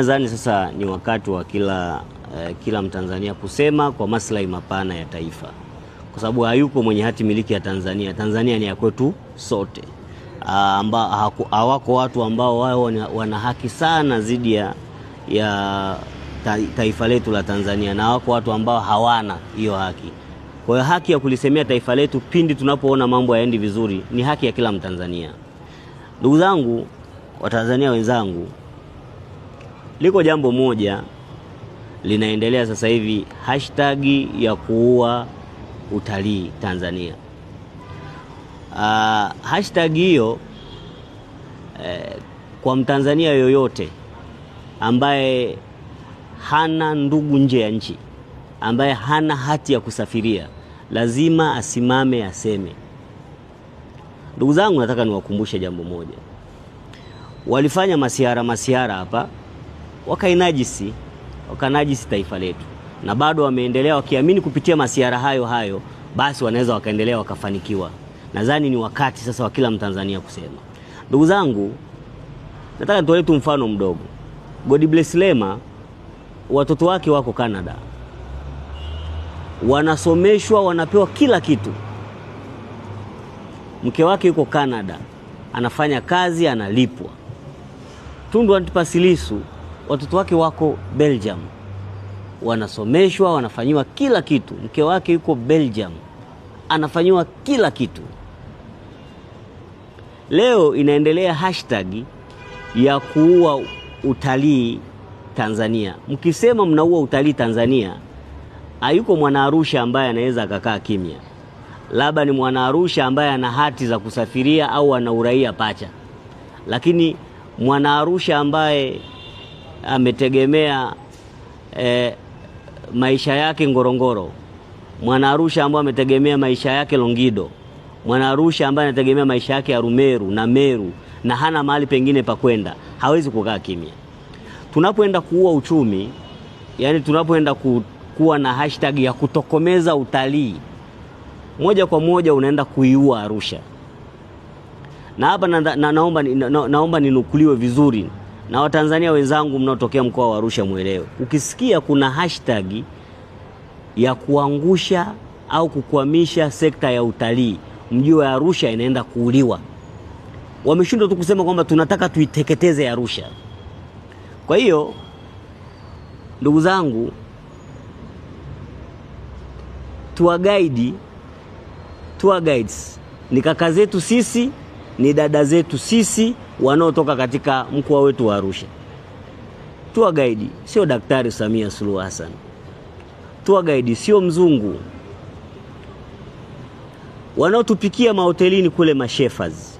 Nadhani sasa ni wakati wa kila, eh, kila Mtanzania kusema kwa maslahi mapana ya taifa, kwa sababu hayuko mwenye hati miliki ya Tanzania. Tanzania ni ya kwetu sote. Ah, amba, hawako watu ambao wao wana, haki sana dhidi ya ta, taifa letu la Tanzania na hawako watu ambao hawana hiyo haki. Kwa hiyo haki ya kulisemea taifa letu pindi tunapoona mambo hayaendi vizuri ni haki ya kila Mtanzania. Ndugu zangu, Watanzania wenzangu Liko jambo moja linaendelea sasa hivi, hashtag ya kuua utalii Tanzania. Uh, hashtag hiyo eh, kwa Mtanzania yoyote ambaye hana ndugu nje ya nchi, ambaye hana hati ya kusafiria, lazima asimame aseme. Ndugu zangu, nataka niwakumbushe jambo moja. Walifanya masiara masiara hapa wakainajisi, wakanajisi taifa letu, na bado wameendelea wakiamini kupitia masiara hayo hayo, basi wanaweza wakaendelea wakafanikiwa. Nadhani ni wakati sasa wa kila Mtanzania kusema, ndugu zangu, nataka nitolee tu mfano mdogo. God bless Lema, watoto wake wako Canada, wanasomeshwa, wanapewa kila kitu. Mke wake yuko Canada, anafanya kazi, analipwa. Tundu Antipasilisu watoto wake wako Belgium, wanasomeshwa, wanafanyiwa kila kitu. Mke wake yuko Belgium, anafanyiwa kila kitu. Leo inaendelea hashtag ya kuua utalii Tanzania. Mkisema mnaua utalii Tanzania, hayuko mwanaarusha ambaye anaweza akakaa kimya, labda ni mwanaarusha ambaye ana hati za kusafiria au ana uraia pacha, lakini mwanaarusha ambaye ametegemea e, maisha yake Ngorongoro, mwana Arusha ambaye ametegemea maisha yake Longido, mwana Arusha ambaye anategemea maisha yake ya Rumeru na Meru na hana mahali pengine pa kwenda, hawezi kukaa kimya. Tunapoenda kuua uchumi, yani tunapoenda ku, kuwa na hashtag ya kutokomeza utalii, moja kwa moja unaenda kuiua Arusha na hapa na, na, naomba, na, naomba ninukuliwe vizuri na Watanzania wenzangu mnaotokea mkoa wa Arusha mwelewe, ukisikia kuna hashtag ya kuangusha au kukwamisha sekta ya utalii, mjue Arusha inaenda kuuliwa. Wameshindwa tu kusema kwamba tunataka tuiteketeze Arusha. Kwa hiyo ndugu zangu, tour guide, guides ni kaka zetu sisi, ni dada zetu sisi wanaotoka katika mkoa wetu wa Arusha. tua guide sio Daktari Samia Suluhu Hassan. tua guide sio mzungu. Wanaotupikia mahotelini kule mashefas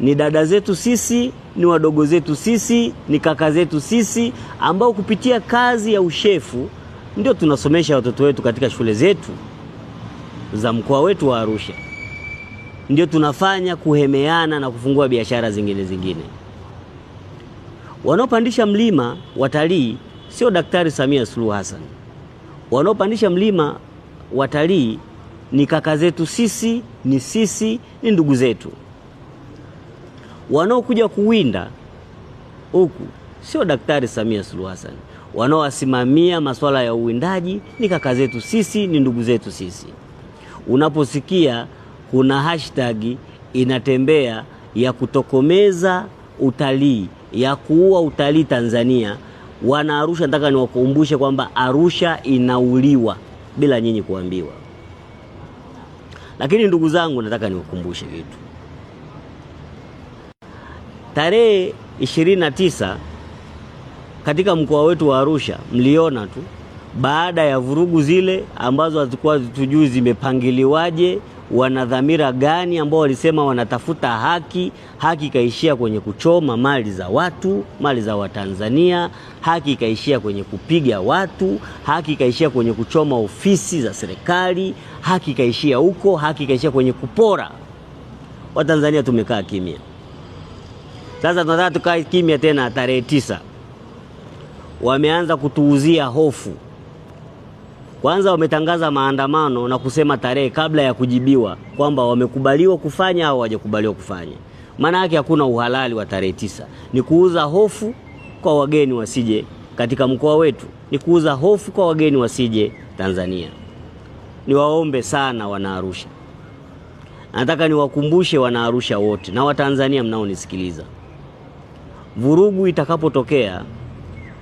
ni dada zetu sisi, ni wadogo zetu sisi, ni kaka zetu sisi, ambao kupitia kazi ya ushefu ndio tunasomesha watoto wetu katika shule zetu za mkoa wetu wa Arusha ndio tunafanya kuhemeana na kufungua biashara zingine zingine. Wanaopandisha mlima watalii sio Daktari Samia Suluhu Hassan, wanaopandisha mlima watalii ni kaka zetu sisi, ni sisi, ni ndugu zetu. Wanaokuja kuwinda huku sio Daktari Samia Suluhu Hassan, wanaowasimamia masuala ya uwindaji ni kaka zetu sisi, ni ndugu zetu sisi. Unaposikia kuna hashtag inatembea ya kutokomeza utalii, ya kuua utalii Tanzania. Wana Arusha, nataka niwakumbushe kwamba Arusha inauliwa bila nyinyi kuambiwa. Lakini ndugu zangu, nataka niwakumbushe kitu. Tarehe 29 katika mkoa wetu wa Arusha, mliona tu baada ya vurugu zile ambazo hazikuwa tujui zimepangiliwaje, wana dhamira gani, ambao walisema wanatafuta haki. Haki ikaishia kwenye kuchoma mali za watu, mali za Watanzania. Haki ikaishia kwenye kupiga watu. Haki ikaishia kwenye kuchoma ofisi za serikali. Haki ikaishia huko. Haki ikaishia kwenye kupora. Watanzania tumekaa kimya. Sasa tunataka tukae kimya tena. Tarehe tisa wameanza kutuuzia hofu. Kwanza wametangaza maandamano na kusema tarehe kabla ya kujibiwa kwamba wamekubaliwa kufanya au hawajakubaliwa kufanya. Maana yake hakuna uhalali wa tarehe tisa, ni kuuza hofu kwa wageni wasije katika mkoa wetu, ni kuuza hofu kwa wageni wasije Tanzania. Niwaombe sana Wanaarusha, nataka niwakumbushe Wanaarusha wote na Watanzania mnaonisikiliza, vurugu itakapotokea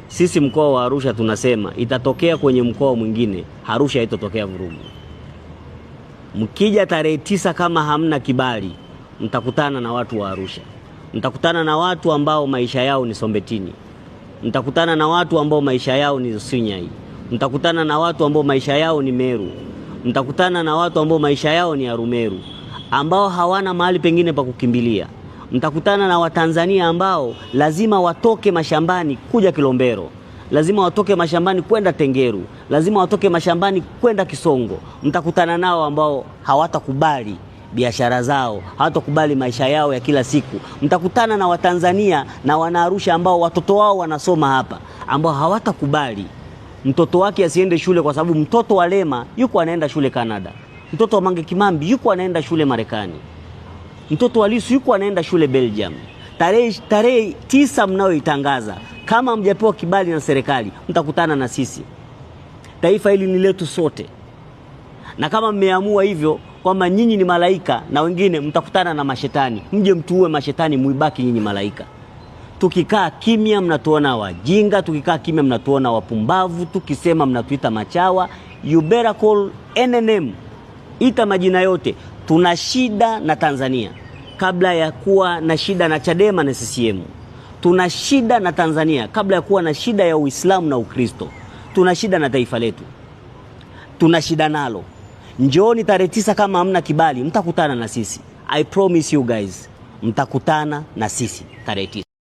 sisi mkoa wa Arusha tunasema itatokea kwenye mkoa mwingine, Arusha haitotokea vurugu. Mkija tarehe tisa kama hamna kibali, mtakutana na watu wa Arusha, mtakutana na watu ambao maisha yao ni Sombetini, mtakutana na watu ambao maisha yao ni Sunyai, mtakutana na watu ambao maisha yao ni Meru, mtakutana na watu ambao maisha yao ni Arumeru, ambao hawana mahali pengine pa kukimbilia mtakutana na Watanzania ambao lazima watoke mashambani kuja Kilombero, lazima watoke mashambani kwenda Tengeru, lazima watoke mashambani kwenda Kisongo. Mtakutana nao ambao hawatakubali biashara zao, hawatakubali maisha yao ya kila siku. Mtakutana na Watanzania na Wanaarusha ambao watoto wao wanasoma hapa, ambao hawatakubali mtoto wake asiende shule kwa sababu mtoto wa Lema yuko anaenda shule Kanada, mtoto wa Mange Kimambi yuko anaenda shule Marekani. Mtoto wa Lissu yuko anaenda shule Belgium. Tarehe tarehe tisa mnayoitangaza, kama mjapewa kibali na serikali, mtakutana na sisi. Taifa hili ni letu sote, na kama mmeamua hivyo kwamba nyinyi ni malaika na wengine, mtakutana na mashetani, mje mtuue mashetani, muibaki nyinyi malaika. Tukikaa kimya mnatuona wajinga, tukikaa kimya mnatuona wapumbavu, tukisema mnatuita machawa. You better call NNM ita majina yote, tuna shida na Tanzania kabla ya kuwa na shida na Chadema na CCM. Tuna shida na Tanzania kabla ya kuwa na shida ya Uislamu na Ukristo. Tuna shida na taifa letu, tuna shida nalo. Njooni tarehe tisa, kama hamna kibali mtakutana na sisi. I promise you guys, mtakutana na sisi tarehe tisa.